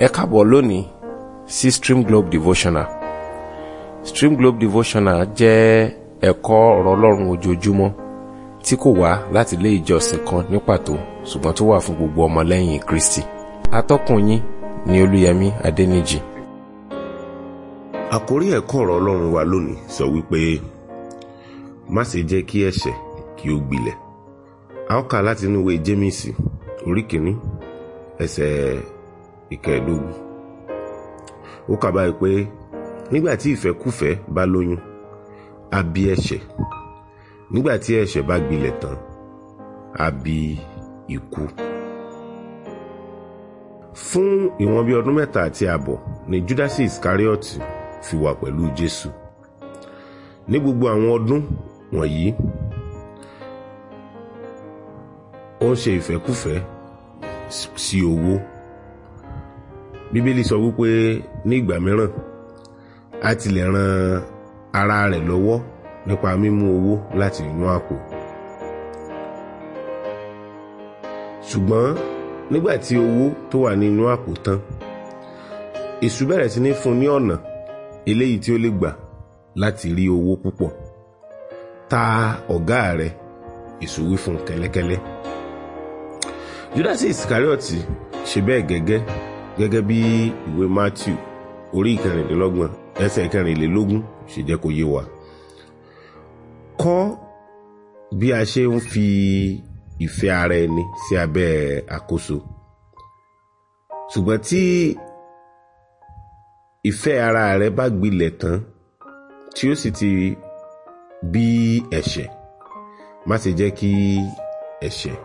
ẹ káàbọ̀ lónìí sí Stream Globe Devotional Stream Globe Devotional jẹ́ ẹ̀kọ́ ọ̀rọ̀ ọlọ́run ojoojúmọ́ tí kò wá láti ilé ìjọsìn kan ní pàtó ṣùgbọ́n tó wà fún gbogbo ọmọlẹ́yìn Kristi atọ́kùn yín ni Olúyẹmí Adẹ́nìjì. àkórí ẹ̀kọ́ ọ̀rọ̀ ọlọ́run wa lónìí sọ wípé má ṣe jẹ́ kí ẹ̀ṣẹ̀ kí ó gbilẹ̀ a ó kà láti inú ìwé Jémísì orí kìíní ẹsẹ̀ ìkẹẹ̀dógún ó kà báyìí pé nígbà tí ìfẹ́kùfẹ́ bá lóyún á bí ẹ̀ṣẹ̀ nígbà tí ẹ̀ṣẹ̀ bá gbilẹ̀ tán á bí ikú. fún ìwọ̀n bíi ọdún mẹ́ta àti ààbọ̀ ni Júdásì Ìsíkáríọ̀tì fi wà pẹ̀lú Jésù ní gbogbo àwọn ọdún wọ̀nyí ó ń ṣe ìfẹ́kùfẹ́ sí owó. Si bíbélì sọ wípé ní ìgbà mìíràn a tilẹ̀ ran ara rẹ̀ lọ́wọ́ nípa mímú owó láti inú àpò. ṣùgbọ́n nígbà tí owó tó wà nínú àpò tán èṣù bẹ̀rẹ̀ sí ní fún ní ọ̀nà eléyìí tí ó lè gbà láti rí owó púpọ̀ ta ọ̀gá rẹ̀ èṣù wí fún kẹ́lẹ́kẹ́lẹ́ Judas Iscariot ṣe bẹ́ẹ̀ gẹ́gẹ́ gẹ́gẹ́ bí ìwé Matthew orí ìkẹrìndínlọ́gbọ̀n ẹsẹ̀ ìkẹrìnlélógún ṣe jẹ́ kó yé wa. kọ́ bí a ṣe ń fi ìfẹ́ ara ẹni sí abẹ́ àkóso ṣùgbọ́n tí ìfẹ́ ara rẹ bá gbilẹ̀ tán tí ó sì ti bí ẹ̀ṣẹ̀ má ṣe jẹ́ kí ẹ̀ṣẹ̀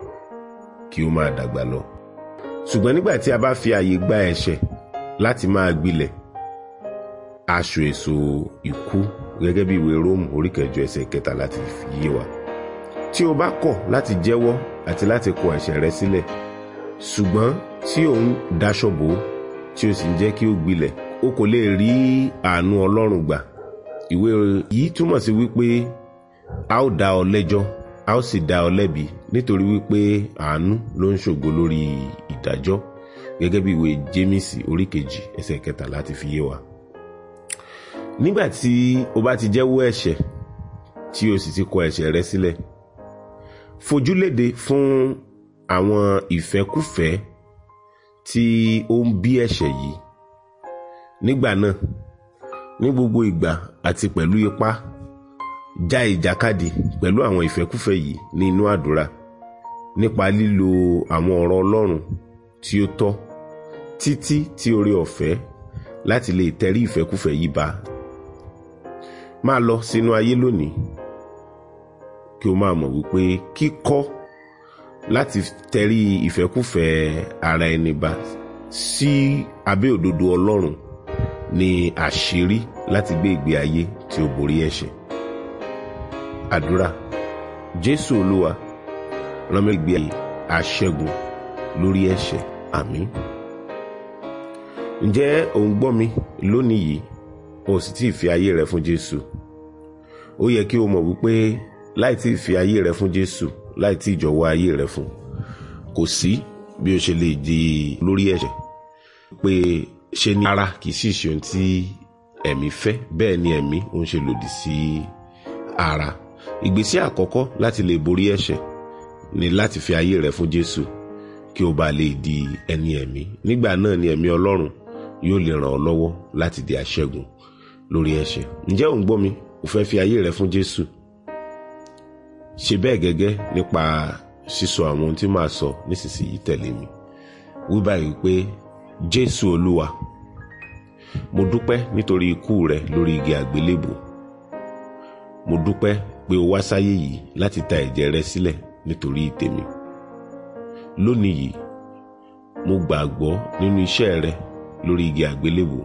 kí ó máa dàgbà lọ ṣùgbọ́n nígbà tí a bá fi àyè gba ẹ̀ṣẹ̀ láti máa gbilẹ̀ aṣọ èso ikú gẹ́gẹ́ bí ìwé róòmù orí kẹjọ ẹsẹ̀ kẹta láti fi yé wa tí o bá kọ̀ láti jẹ́wọ́ àti láti kọ ẹ̀ṣẹ̀ rẹ sílẹ̀ ṣùgbọ́n tí o ń daṣọ bò ó tí o sì ń jẹ́ kí ó gbilẹ̀ o kò lè rí àánú ọlọ́run gbà ìwé yìí túmọ̀ sí wípé a ó dá ọ lẹ́jọ́ a ó sì dá ọ lẹ́bi nítorí wípé àánú ló ń ṣògo lórí ìdájọ́ gẹ́gẹ́ bí ìwé Jémísì oríkejì ẹsẹ̀ kẹta láti fi yé wa. nígbà tí o bá ti jẹ́wọ́ ẹ̀ṣẹ̀ tí o sì ti kọ ẹ̀ṣẹ̀ rẹ sílẹ̀ fojúléde fún àwọn ìfẹ́kúfẹ̀ẹ́ tí ó ń bí ẹ̀ṣẹ̀ yìí nígbà náà ní gbogbo ìgbà àti pẹ̀lú ipá já ìjàkadì pẹ̀lú àwọn ìfẹ́kúfẹ́ yìí ní inú àdúrà nípa lílo àwọn ọ̀rọ̀ Ọlọ́run tí ó tọ́ títí tí oore ọ̀fẹ́ láti lè tẹrí ìfẹ́kúfẹ́ yìí ba máa lọ sínú ayé lónìí kí o máa mọ̀ wípé kíkọ́ láti tẹrí ìfẹ́kúfẹ́ ara ẹni ba sí abẹ́ òdodo Ọlọ́run ni àṣírí láti gbé ìgbé ayé tí ó borí ẹ̀ṣẹ̀ àdúrà jésù olúwa ràn mí gbé àṣẹ́gun lórí ẹ̀ṣẹ̀ àmín. ǹjẹ́ ò ń gbọ́ mi lónìí yìí o sì tí ì fi ayé rẹ fún jésù ó yẹ kí o mọ̀ wípé láì tí ì fi ayé rẹ fún jésù láì tí ì jọ̀wọ́ ayé rẹ fún kò sí bí o ṣe lè di lórí ẹ̀ṣẹ̀ pé ṣe ni ara kì í sì ṣe ohun tí ẹ̀mí fẹ́ bẹ́ẹ̀ ni ẹ̀mí ń ṣe lòdì sí ara ìgbésẹ̀ àkọ́kọ́ láti lè borí ẹ̀ṣẹ̀ ni láti fi ayé rẹ fún Jésù kí o bá lè di ẹni ẹ̀mí nígbà náà ni ẹ̀mí Ọlọ́run yóò lè ràn ọ́ lọ́wọ́ láti di aṣẹ́gun lórí ẹ̀ṣẹ̀ ǹjẹ́ ò ń gbọ́ mi ò fẹ́ fi ayé rẹ fún Jésù ṣe bẹ́ẹ̀ gẹ́gẹ́ nípa sísọ àwọn ohun tí màá sọ nísinsìnyí tẹ̀lé mi wí báyìí pé Jésù Olúwa mo dúpẹ́ nítorí ikú rẹ lórí igi àgbélébù mo dúpẹ́ pé o wá sáyé yìí láti ta ẹ̀jẹ̀ rẹ sílẹ̀ nítorí tèmi lónìí yìí mo gbàgbọ́ nínú iṣẹ́ rẹ lórí igi àgbélébò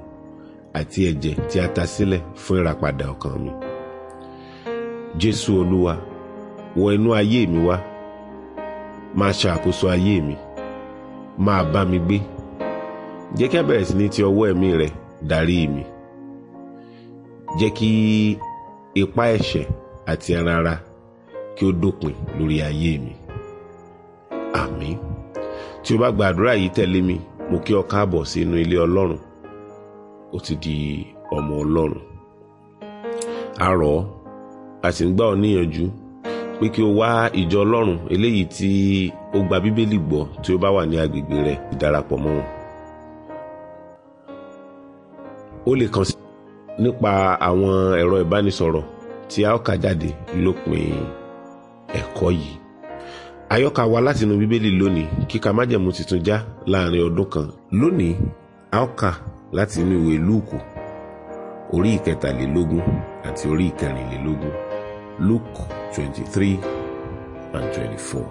àti ẹ̀jẹ̀ tí a ta sílẹ̀ fún ìràpadà ọkàn mi jésù olúwa wọ inú ayé mi wá máa ṣàkóso ayé mi máa bá mi gbé jẹ́ kí a sí ní ti ọwọ́ ẹ̀mí rẹ darí mi jẹ́ kí ipá ẹ̀ṣẹ̀ àti ẹran ara kí ó dópin lórí ayé mi àmín tí o bá gba àdúrà yìí tẹ̀lé mi mo kí ọ káàbọ̀ sí inú ilé ọlọ́run ó ti di ọmọ ọlọ́run a rọ̀ ọ́ a sì ń gbà ọ́ níyànjú pé kí o wá ìjọ ọlọ́run eléyìí tí ó gba bíbélì gbọ́ tí ó bá wà ní agbègbè rẹ ìdarapọ̀ mọ́ wọn. o lè kàn sí nípa àwọn ẹ̀rọ ìbánisọ̀rọ̀ tí a ó kà jáde lópin ẹ̀kọ́ yìí àyọkà wa látinú bíbélì lónìí kíka májẹ̀mú tuntun já láàrin ọdún kan lónìí a ó kà láti ìwé lúùkù orí ìkẹtàlélógún àti orí ìkẹrìnlélógún luke twenty three and twenty four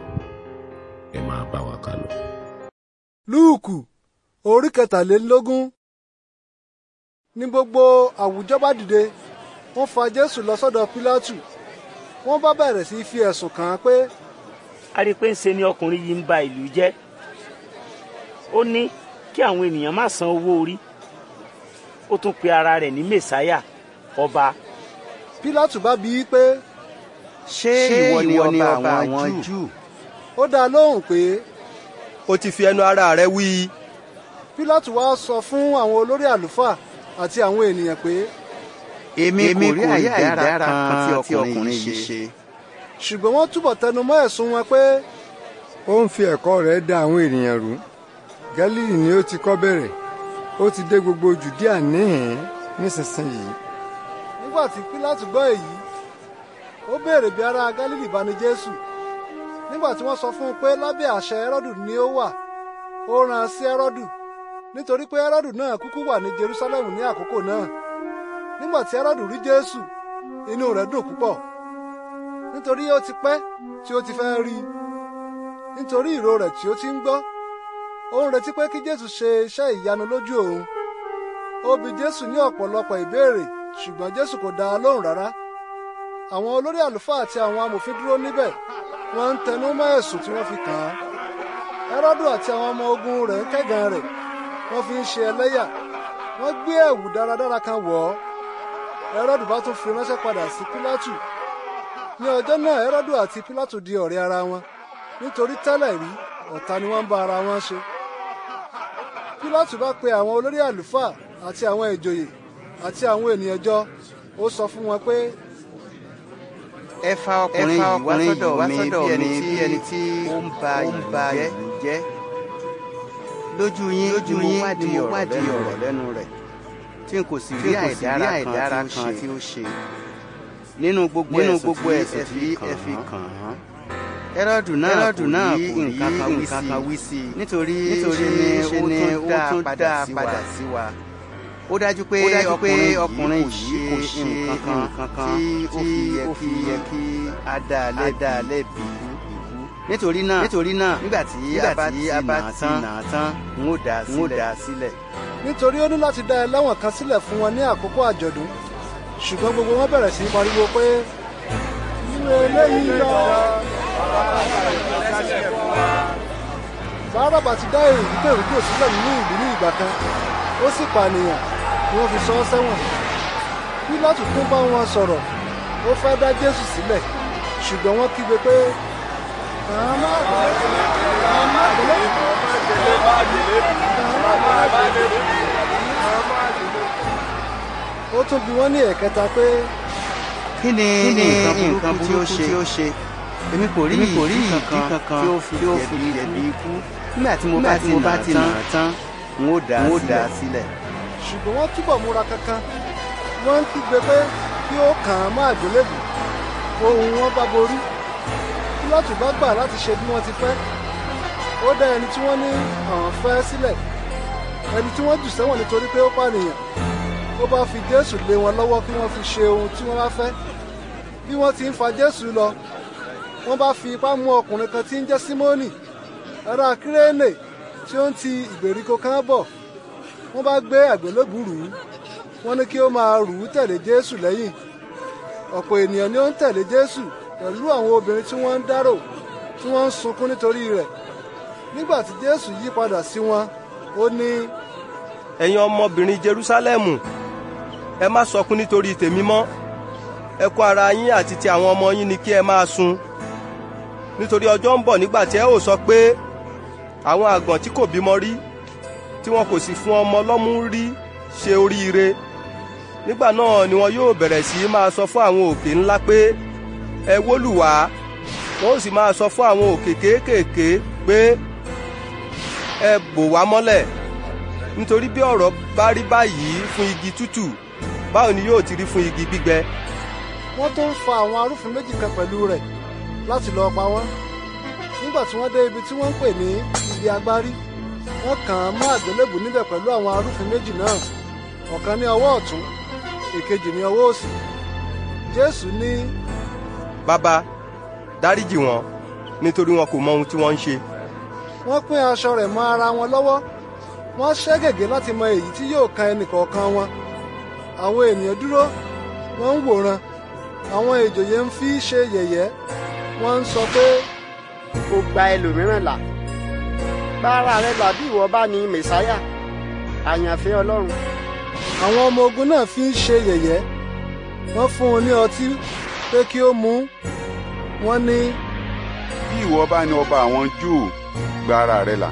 ẹ máa bá wa kà lọ. lúùkù orí kẹtàlélógún ní gbogbo àwùjọ bá dìde wọ́n fa jésù lọ sọ́dọ̀ pílátù wọ́n bá bẹ̀rẹ̀ sí fi ẹ̀sùn kàn án pé. a rí i pé ńṣe ni ọkùnrin yìí ń ba ìlú jẹ́ ó ní kí àwọn ènìyàn má san owó orí ó tún pe ara rẹ̀ ní mẹ̀sáyà ọba. pílátù bá bi í pé. ṣé ìwọ ni ọba àwọn júù. ó dá a lóhùn pé. o ti fi ẹnu ara rẹ wí. pílátù wá sọ fún àwọn olórí àlùfáà àti àwọn ènìyàn pé èmi kò rí àìdára kan tí ọkùnrin yìí ṣe. ṣùgbọ́n wọ́n túbọ̀ tẹnumọ́ ẹ̀sùn wọn pé. ó ń fi ẹ̀kọ́ rẹ̀ da àwọn ènìyàn rú Gálílì ni ó ti kọ́ bẹ̀rẹ̀ ó ti dé gbogbo Jùdíà níhìn-ín nísinsìnyí. nígbà tí Pílátù gbọ́ èyí ó béèrè bí ará Gálílì bá ní Jésù nígbà tí wọ́n sọ fún un pé lábẹ́ àṣẹ Ẹ́rọ́dù ni ó wà ó rán an sí Ẹ́rọ́dù nítorí pé Ẹ́rọ́dù náà kúkú wà ní Jerúsálẹ́mù ní àkókò náà nígbà tí Hẹ́rọ́dù rí Jésù inú rẹ̀ dùn púpọ̀ nítorí ó ti pẹ́ tí ó ti fẹ́ rí nítorí ìró rẹ̀ tí ó ti ń gbọ́ ó ń retí pé kí Jésù ṣe iṣẹ́ ìyanu lójú òun ó bi Jésù ní ọ̀pọ̀lọpọ̀ ìbéèrè ṣùgbọ́n Jésù kò dá a lóhùn rárá àwọn olórí àlùfáà àti àwọn amòfin dúró níbẹ̀ wọ́n ń tẹnu mọ́ ẹ̀sùn tí wọ́n fi kàn án Hẹ́rọ́dù àti àwọn ọmọ ogun rẹ̀ ń kẹ́gàn rẹ̀ wọ́n fi ń ṣe ẹlẹ́yà wọ́n gbé ẹ̀wù dáradára kan wọ̀ ọ́ Hẹ́rọ́dù bá tún fi ránṣẹ́ padà sí Pílátù ní ọjọ́ náà Hẹ́rọ́dù àti Pílátù di ọ̀rẹ́ ara wọn nítorí tẹ́lẹ̀ rí ọ̀tá ni wọ́n ń bá ara wọn ṣe. Pílátù bá pe àwọn olórí àlùfáà àti àwọn ìjòyè àti àwọn ènìyàn jọ ó sọ fún wọn pé. ẹ fa ọkùnrin yìí wá sọ́dọ̀ mi bí ẹni tí ó ń ba ìlú jẹ́ lójú yín ni mo wádìí ọ̀rọ̀ lẹ́nu rẹ̀ tí n kò sì rí àìdára kan tí ó ṣe nínú gbogbo ẹ̀sùn tí ẹ fi kàn án ẹrọdù náà kò yí nǹkan kan wí sí i nítorí ṣe ni ó tún dá padà sí wa ó dájú pé ọkùnrin yìí kò ṣe nǹkan kan tí ó fi yẹ kí a dá a lẹ́bi nítorí náà nítorí náà nígbà tí a bá ti nà tán n ó dá sílẹ̀. nítorí ó ní láti dá ẹlẹ́wọ̀n kan sílẹ̀ fún wọn ní àkókò àjọ̀dún ṣùgbọ́n gbogbo wọn bẹ̀rẹ̀ sí í pariwo pé ìwé eléyìí lọ. báràbà ti dá èrò rúkèrúkò sílẹ̀ nínú ìlú ní ìgbà kan ó sì pànìyàn ni wọ́n fi sọ ọ́ sẹ́wọ̀n pílátù tún bá wọn sọ̀rọ̀ ó fẹ́ dá jésù sílẹ̀ ṣùgbọ́n wọ́n kígbe pé ó tún bi wọ́n ní ẹ̀kẹta pé. kí ni nǹkan burúkú tí ó ṣe èmi kò rí ìdí kankan tí ó fi jẹ̀bi ikú nígbà tí mo bá ti nà án tán n ó dà á sílẹ̀. ṣùgbọ́n wọ́n túbọ̀ múra kankan wọ́n ń kígbe pé kí ó kàn án má àgbélébù ohùn wọn bá borí pílátù bá gbà láti ṣe bí wọ́n ti fẹ́ ó dá ẹni tí wọ́n ní àwọn fẹ́ sílẹ̀ ẹni tí wọ́n jù sẹ́wọ̀n nítorí pé ó pànìyàn ó bá fi jésù lé wọn lọ́wọ́ kí wọ́n fi ṣe ohun tí wọ́n bá fẹ́ bí wọ́n ti ń fa jésù lọ wọ́n bá fi ipá mú ọkùnrin kan tí ń jẹ́ símónì ará kírénè tí ó ń ti ìgbèríko kan bọ̀ wọ́n bá gbé àgbélébùú rù ú wọ́n ní kí ó máa rù ú tẹ̀lé jésù lẹ́yìn ọ̀pọ̀ ènìyàn ni ó ń tẹ̀lé jésù pẹ̀lú àwọn obìnrin tí wọ́n ń dárò tí wọ́n ń sunkún nítorí rẹ̀ nígbà tí jésù yí padà sí wọn ó ní. ẹ̀yin ọmọbìnrin jerúsálẹ́mù ẹ má sọkún nítorí tèmi mọ́ ẹ kó ara yín àti ti àwọn ọmọ yín ni kí ẹ máa sun nítorí ọjọ́ ń bọ̀ nígbà tí ẹ ó sọ pé àwọn àgàn tí kò bímọ rí tí wọn kò sì fún ọmọ lọ́mú rí ṣe oríire nígbà náà ni wọn yóò bẹ̀rẹ̀ sí máa sọ fún àwọn òkè ńlá pé ẹ wólùwà wọn ó sì máa sọ fún àwọn òkè kéékèèké pé ẹ bò wá mọ́lẹ̀ nítorí bí ọ̀rọ̀ bá rí báyìí fún igi tútù báwo ni yóò ti rí fún igi gbígbẹ. wọ́n tó ń fa àwọn arúfin méjì kan pẹ̀lú rẹ̀ láti lọ́ọ́ pa wọ́n nígbà tí wọ́n dé ibi tí wọ́n ń pè ní ibi agbárí wọ́n kàn án mọ́ àgbélébù níbẹ̀ pẹ̀lú àwọn arúfin méjì náà ọ̀kan ní ọwọ́ ọ̀tún èkejì ní ọwọ́ òsì jésù ní bàbá dáríjì wọn nítorí wọn kò mọ ohun tí wọ́n ń ṣe. wọ́n pín aṣọ rẹ̀ mọ́ ara wọn lọ́wọ́ wọ́n ṣẹ́ gègé láti mọ èyí tí yóò kan ẹnìkọ̀ọ̀kan wọn àwọn ènìyàn dúró wọ́n ń wòran àwọn ìjòyè ń fi ṣe yẹ̀yẹ́ wọ́n ń sọ pé. kò gba ẹlòmíràn là bá rẹ là ìwọ bá ní mẹsáyà àyànfẹ́ ọlọ́run. àwọn ọmọ ogun náà fi ń ṣe yẹ̀yẹ́ wọ́n fún un ní ọtí pé kí ó mú wọ́n ní. bí ìwọ bá ní ọba àwọn júù gba ara rẹ là.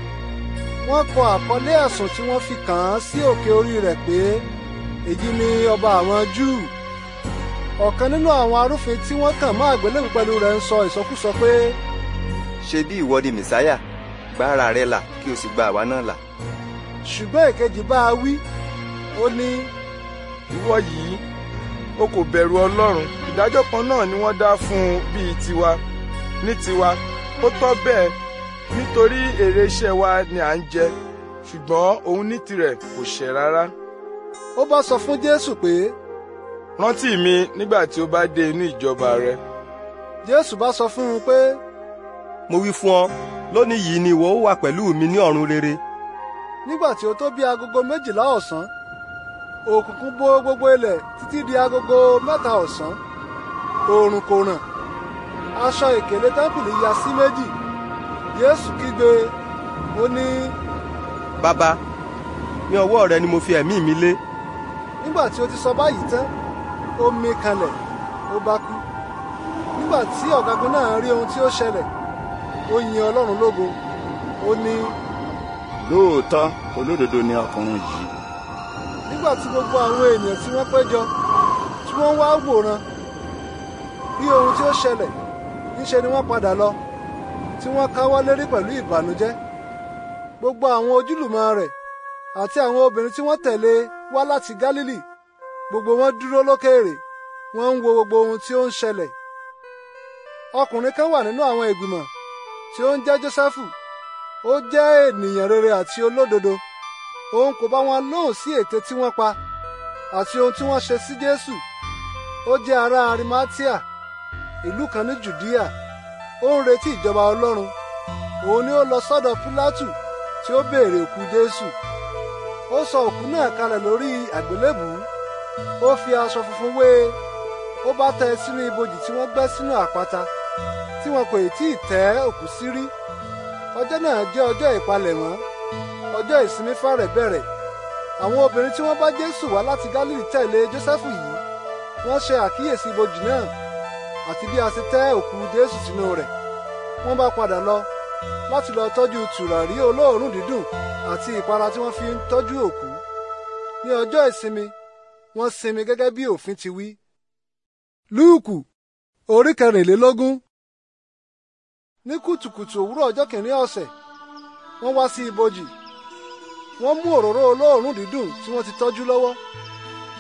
wọ́n kọ àkọlé ẹ̀sùn tí wọ́n fi kàn án sí òkè orí rẹ̀ pé èyí ni ọba àwọn júù. ọ̀kan nínú àwọn arúfin tí wọ́n kàn mọ́ àgbélébù pẹ̀lú rẹ̀ ń sọ ìsọkúsọ pé. ṣe bí ìwọ ni mẹsáyà gba rẹ là kí o sì gba àwa náà là. ṣùgbọ́n èkejì bá a wí ó ní ìwọ yìí o kò bẹ̀rù ọlọ́run ìdájọ́ kan náà ni wọ́n dá fún un bíi tiwa ní tiwa ó tọ́ bẹ́ẹ̀ nítorí èrè iṣẹ́ wa ni à ń jẹ ṣùgbọ́n òun ní tirẹ̀ kò ṣẹ̀ rárá. ó bá sọ fún jésù pé. rántí mi nígbà tí o bá dé inú ìjọba rẹ. jésù bá sọ fún un pé. mo wí fún ọ lónìí yìí ni ìwọ ó wà pẹ̀lú mi ní ọ̀run rere. nígbà tí ó tó bí agogo méjìlá ọ̀sán òkùnkùn bò gbogbo ilẹ̀ títí di agogo mẹ́ta ọ̀sán oòrùn kò ràn aṣọ ìkélé tẹ́ḿpìlì ya sí méjì Jésù kígbe ó ní. bàbá ní ọwọ́ rẹ ni mo fi ẹ̀mí mi lé. nígbà tí ó ti sọ báyìí tán ó mí kanlẹ̀ ó bá kú nígbà tí ọ̀gágun náà rí ohun tí ó ṣẹlẹ̀ ó yin ọlọ́run lógo ó ní. lóòótọ́ olódodo ni ọkùnrin yìí nígbà tí gbogbo àwọn ènìyàn tí wọ́n péjọ tí wọ́n wá wòran bí ohun tí ó ṣẹlẹ̀ níṣe ni wọ́n padà lọ tí wọ́n káwọ́ lérí pẹ̀lú ìbànújẹ́ gbogbo àwọn ojúlùmọ̀ rẹ̀ àti àwọn obìnrin tí wọ́n tẹ̀lé wá láti Gálílì gbogbo wọn dúró lókèèrè wọ́n ń wo gbogbo ohun tí ó ń ṣẹlẹ̀ ọkùnrin kan wà nínú àwọn ìgbìmọ̀ tí ó ń jẹ́ Jósẹ́fù ó jẹ́ ènìyàn rere àti olódodo òun kò bá wọn lóhùn sí ète tí wọ́n pa àti ohun tí wọ́n ṣe sí Jésù ó jẹ́ ará Arimatia ìlú kan ní Jùdíà ó ń retí ìjọba Ọlọ́run òun ni ó lọ sọ́dọ̀ Pílátù tí ó béèrè òkú Jésù ó sọ òkú náà kalẹ̀ lórí àgbélébùú ó fi aṣọ funfun wé e ó bá tẹ́ sínú ibojì tí wọ́n gbẹ́ sínú àpáta tí wọn kò tí ì òkú sí rí ọjọ́ náà jẹ́ ọjọ́ ìpalẹ̀mọ́ ọjọ́ ìsinmi fẹ́rẹ̀ bẹ̀rẹ̀ àwọn obìnrin tí wọ́n bá Jésù wá láti Gálílì tẹ̀lé Jósẹ́fù yìí wọ́n ṣe àkíyèsí ibojì náà àti bí a ṣe tẹ́ òkú Jésù sínú rẹ̀ wọ́n bá padà lọ láti lọ tọ́jú tùràrí olóòórùn dídùn àti ìpara tí wọ́n fi ń tọ́jú òkú ní ọjọ́ ìsinmi wọ́n sinmi gẹ́gẹ́ bí òfin ti wí. Lúùkù orí kẹrìnlélógún ní kùtùkùtù òwúrọ̀ ọjọ́ kìnínní ọ̀sẹ̀ wọ́n wá sí ibojì wọ́n mú òróró olóòórùn dídùn tí wọ́n ti tọ́jú lọ́wọ́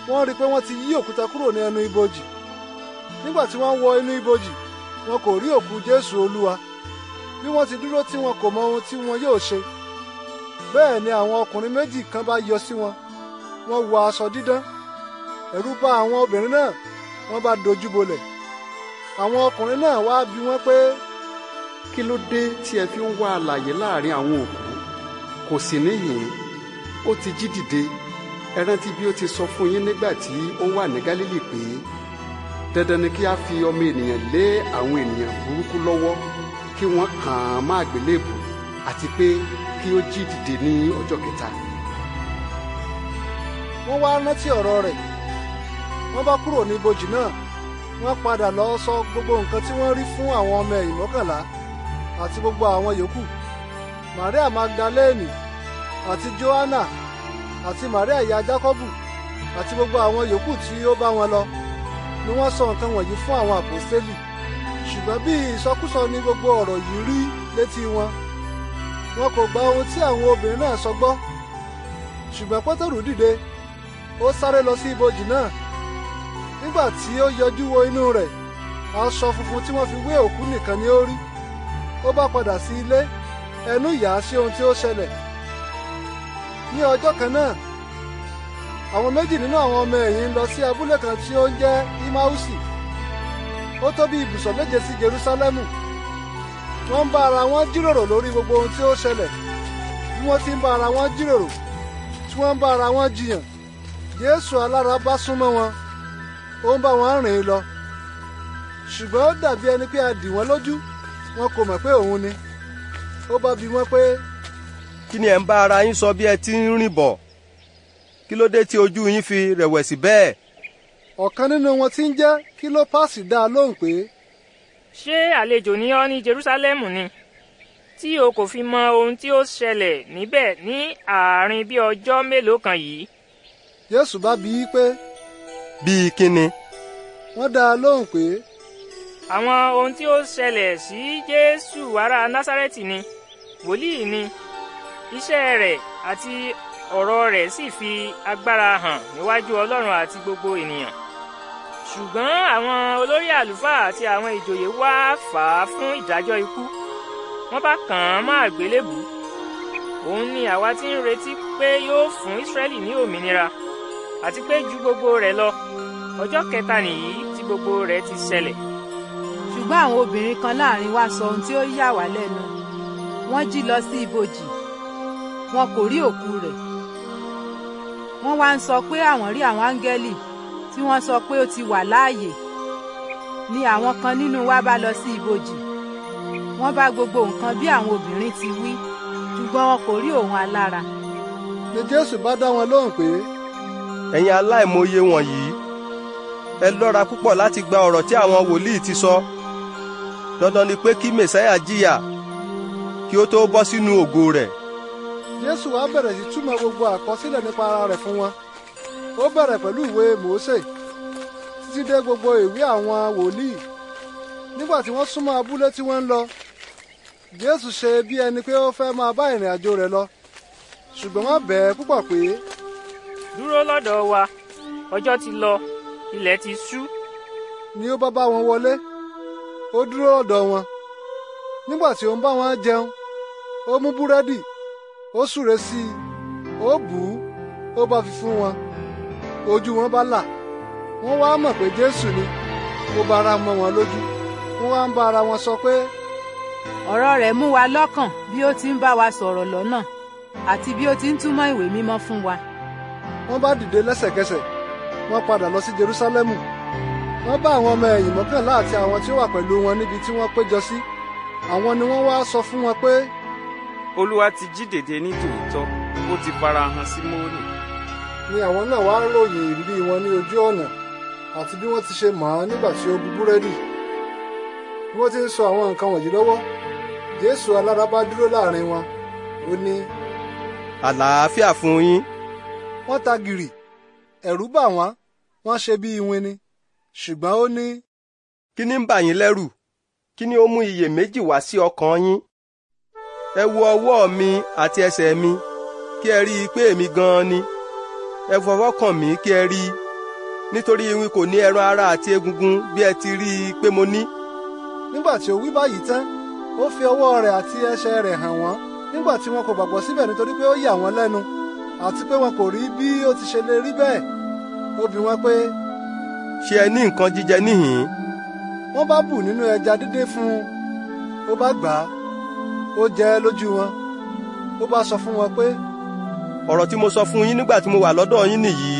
wọ́n rí i pé wọ́n ti yí òkúta kúrò ní ẹnu ibojì nígbà tí wọ́n wọ inú ibojì wọn kò rí òkú jésù olúwa bí wọ́n ti dúró tí wọn kò mọ ohun tí wọn yóò ṣe bẹ́ẹ̀ ni àwọn ọkùnrin méjì kan bá yọ sí wọn wọ́n wọ aṣọ dídán ẹ̀rù bà àwọn obìnrin náà wọ́n bá dojú bolẹ̀ àwọn ọkùnrin náà wá bi wọ́n pé. kí ló dé tí ẹ fi ń wá alààyè láàrin àwọn òkú kò sì níhìn ó ti jí dìde ẹ rántí bí ó ti sọ fún yín nígbà tí ó wà ní Gálílì pé dandan ni kí a fi ọmọ ènìyàn lé àwọn ènìyàn burúkú lọ́wọ́ kí wọ́n kàn án má àgbélébù àti pé kí ó jí dìde ní ọjọ́ kẹta. wọ́n wá rántí ọ̀rọ̀ rẹ̀ wọ́n bá kúrò ní ibojì náà wọ́n padà lọ sọ gbogbo nǹkan tí wọ́n rí fún àwọn ọmọ ẹ̀yìn mọ́kànlá àti gbogbo àwọn yòókù Màríà Magdalene àti Joanna, àti Maria ìyá Jacobu, àti gbogbo àwọn yòókù tí ó bá wọn lọ ni wọ́n sọ nǹkan wọ̀nyí fún àwọn àpòstélì ṣùgbọ́n bí ìsọkúsọ ni gbogbo ọ̀rọ̀ yìí rí létí wọn wọn kò gba ohun tí àwọn obìnrin náà sọ gbọ́ ṣùgbọ́n Pétérù dìde ó sáré lọ sí ibojì náà nígbà tí ó yọjú wo inú rẹ̀ aṣọ funfun tí wọ́n fi wé òkú nìkan ni ó rí ó bá padà sí ilé ẹnu yà sí ohun tí ó ṣẹlẹ̀ ní ọjọ́ kan náà àwọn méjì nínú àwọn ọmọ ẹ̀yìn lọ sí abúlé kan tí ó ń jẹ́ Imáúsì ó tó bí ibùsọ̀ méje sí Jerúsálẹ́mù wọ́n ń bá ara wọn jíròrò lórí gbogbo ohun tí ó ṣẹlẹ̀ bí wọ́n ti ń bá ara wọn jíròrò tí wọ́n ń bá ara wọn jiyàn Jésù alára bá súnmọ́ wọn ó ń bá wọn rìn lọ ṣùgbọ́n ó dàbí ẹni pé a dì wọ́n lójú wọn kò mọ̀ pé òun ni ó bá bi wọ́n pé kí ni ẹ̀ ń bá ara yín sọ bí ẹ ti ń rìn bọ̀ kí ló dé tí ojú yín fi rẹ̀wẹ̀sì bẹ́ẹ̀. ọ̀kan nínú wọn tí ń jẹ́ kílópàsì dá a lóhùn pé. ṣé àlejò ni ọ́ ní Jerúsálẹ́mù ni tí o kò fi mọ ohun tí ó ṣẹlẹ̀ níbẹ̀ ní àárín bí ọjọ́ mélòó kan yìí. Jésù bá bi í pé. bíi kí ni. wọ́n dá a lóhùn pé. àwọn ohun tí ó ṣẹlẹ̀ sí Jésù ará Násárẹ́tì ni wòlíì ni iṣẹ́ rẹ̀ àti ọ̀rọ̀ rẹ̀ sì fi agbára hàn níwájú ọlọ́run àti gbogbo ènìyàn ṣùgbọ́n àwọn olórí àlùfáà àti àwọn ìjòyè wá fà á fún ìdájọ́ ikú wọ́n bá kàn án mọ́ àgbélébùú òun ni àwa ti ń retí pé yóò fún Ísírẹ́lì ní òmìnira àti pé ju gbogbo rẹ̀ lọ ọjọ́ kẹta nìyí tí gbogbo rẹ̀ ti ṣẹlẹ̀. ṣùgbọ́n àwọn obìnrin kan láàrin wa sọ ohun tí ó yà wá lẹ́nu wọ́n jí lọ sí ibojì wọn kò rí òkú rẹ̀ wọ́n wá ń sọ pé àwọn rí àwọn áńgẹ́lì tí wọ́n sọ pé ó ti wà láàyè ni àwọn kan nínú wa bá lọ sí ibojì wọ́n bá gbogbo nǹkan bí àwọn obìnrin ti wí ṣùgbọ́n wọn kò rí òun alára. ni jésù bá dá wọn lóhùn pé. ẹ̀yin aláìmọye wọ̀nyí ẹ lọ́ra púpọ̀ láti gba ọ̀rọ̀ tí àwọn wòlíì ti sọ dandan ni pé kí mẹ̀sáyà jìyà kí ó tó bọ́ sínú ògo rẹ̀ Jésù wá bẹ̀rẹ̀ sí túmọ̀ gbogbo àkọsílẹ̀ nípa ara rẹ̀ fún wọn ó bẹ̀rẹ̀ pẹ̀lú ìwé Mósè títí dé gbogbo ìwé àwọn wòlíì nígbà tí wọ́n súnmọ́ abúlé tí wọ́n ń lọ Jésù ṣe bí ẹni pé ó fẹ́ máa bá ìrìn àjò rẹ̀ lọ ṣùgbọ́n wọ́n bẹ̀ ẹ́ púpọ̀ pé. dúró lọ́dọ̀ wa ọjọ́ ti lọ ilẹ̀ ti ṣú. ni ó bá bá wọn wọlé ó dúró lọ́dọ̀ wọn nígbà tí ó ń bá wọn jẹun ó mú búrẹ́dì ó súre sí i ó bù ú ó bá fi fún wọn ojú wọn bá là wọ́n wá mọ̀ pé jésù ni ó bá ara mọ́ wọn lójú wọ́n wá ń bá ara wọn sọ pé. ọ̀rọ̀ rẹ̀ mú wa lọ́kàn bí ó ti ń bá wa sọ̀rọ̀ lọ́nà àti bí ó ti ń túmọ̀ ìwé mímọ́ fún wa. wọ́n bá dìde lẹ́sẹ̀kẹsẹ̀ wọ́n padà lọ sí jerúsálẹ́mù wọ́n bá àwọn ọmọ ẹ̀yìn mọ́kànlá àti àwọn tí ó wà pẹ̀lú wọn níbi tí wọ́n péjọ sí àwọn ni wọ́n wá sọ fún wọn pé olúwa ti jí dèdè ní tòótọ́ ó ti fara hàn sí móòlì. ni àwọn náà wá ròyìn ìrírí wọn ní ojú ọ̀nà àti bí wọ́n ti ṣe mọ̀ ọ́n nígbà tí ó bu búrẹ́dì bí wọ́n ti ń sọ àwọn nǹkan wọ̀nyí lọ́wọ́ jésù alára dúró láàrin wọn ó ní. àlàáfíà fún yín. wọ́n ta gìrì ẹ̀rù bà wọ́n wọ́n ṣe bí iwin ni ṣùgbọ́n ó ní. kí ni ń bà yín lẹ́rù kí ni ó mú iyèméjì wá sí ọkàn yín ẹ wo ọwọ́ mi àti ẹsẹ̀ mi kí ẹ rí i pé èmi gan-an ni ẹ fọwọ́ kàn mí kí ẹ rí i nítorí n kò ní ẹran ara àti egungun bí ẹ ti rí i pé mo ní. nígbà tí ó wí báyìí tán ó fi ọwọ́ rẹ̀ àti ẹsẹ̀ rẹ̀ hàn wọ́n nígbà tí wọn kò gbàgbọ́ síbẹ̀ nítorí pé ó yà wọ́n lẹ́nu àti pé wọn kò rí bí ó ti ṣe lè rí bẹ́ẹ̀ ó bi wọn pé. ṣé ẹ ní nǹkan jíjẹ níhìn-ín. wọ́n bá bù nínú ẹja dídé fún un ó bá gbà á ó jẹ́ lójú wọn ó bá sọ fún wọn pé. ọ̀rọ̀ tí mo sọ fún yín nígbà tí mo wà lọ́dọ̀ yín nìyí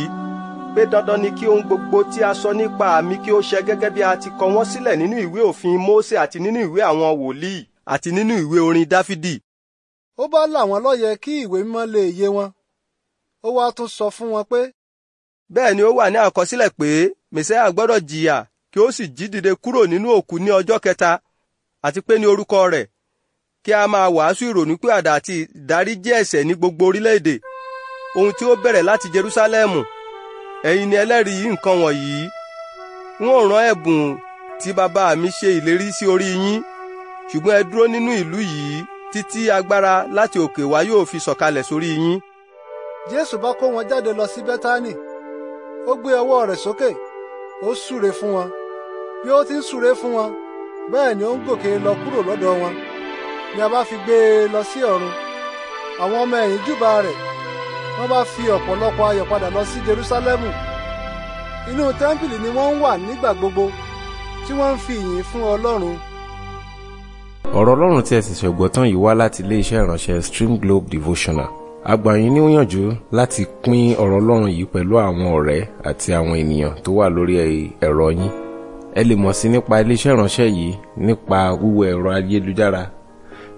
pé dandan ni kí ohun gbogbo tí a sọ nípa àmì kí ó ṣẹ gẹ́gẹ́ bí a ti kọ wọ́n sílẹ̀ nínú ìwé òfin Mósè àti nínú ìwé àwọn wòlíì àti nínú ìwé orin Dáfídì. ó bá là wọ́n lóye kí ìwé mímọ́ lè yé wọn ó wá tún sọ fún wọn pé. bẹ́ẹ̀ ni ó wà ní àkọsílẹ̀ pé mẹsẹ́yà gbọ́dọ̀ jìyà kí ó sì jí dìde kúrò nínú òkú ní ọjọ́ kẹta àti pé ní orúkọ rẹ̀ kí a máa wàásù ìrònúpìwàdà àti ìdáríjì ẹ̀ṣẹ̀ ní gbogbo orílẹ̀-èdè ohun tí ó bẹ̀rẹ̀ láti Jerúsálẹ́mù ẹ̀yin ni ẹlẹ́rìí nǹkan wọ̀nyí n ó rán ẹ̀bùn tí bàbá mi ṣe ìlérí sí orí yín ṣùgbọ́n ẹ dúró nínú ìlú yìí títí agbára láti òkè wá yóò fi sọ̀kalẹ̀ sórí yín. Jésù bá kó wọn jáde lọ sí Bẹ́tánì ó gbé ọwọ́ rẹ̀ sókè ó súre fún wọn bí ó ti ń súre fún wọn bẹ́ẹ̀ ni ó ń gòkè lọ kúrò lọ́dọ̀ wọn ni a bá fi gbé e lọ sí ọ̀run àwọn ọmọ ẹ̀yìn júbà rẹ̀ wọ́n bá fi ọ̀pọ̀lọpọ̀ ayọ̀ padà lọ sí Jerúsálẹ́mù inú tẹ́ḿpìlì ni wọ́n ń wà nígbà gbogbo tí wọ́n ń fi ìyìn fún Ọlọ́run. ọ̀rọ̀ Ọlọ́run tí ẹ sì ṣẹ̀gbọ́ tán yìí wá láti iléeṣẹ́ ìránṣẹ́ Stream Globe Devotional a gbà yín níyànjú láti pín ọ̀rọ̀ Ọlọ́run yìí pẹ̀lú àwọn ọ̀rẹ́ àti àwọn ènìyàn tó wà lórí ẹ̀rọ yín ẹ lè mọ̀ sí nípa iléeṣẹ́ ìránṣẹ́ yìí nípa wíwọ ẹ̀rọ ayélujára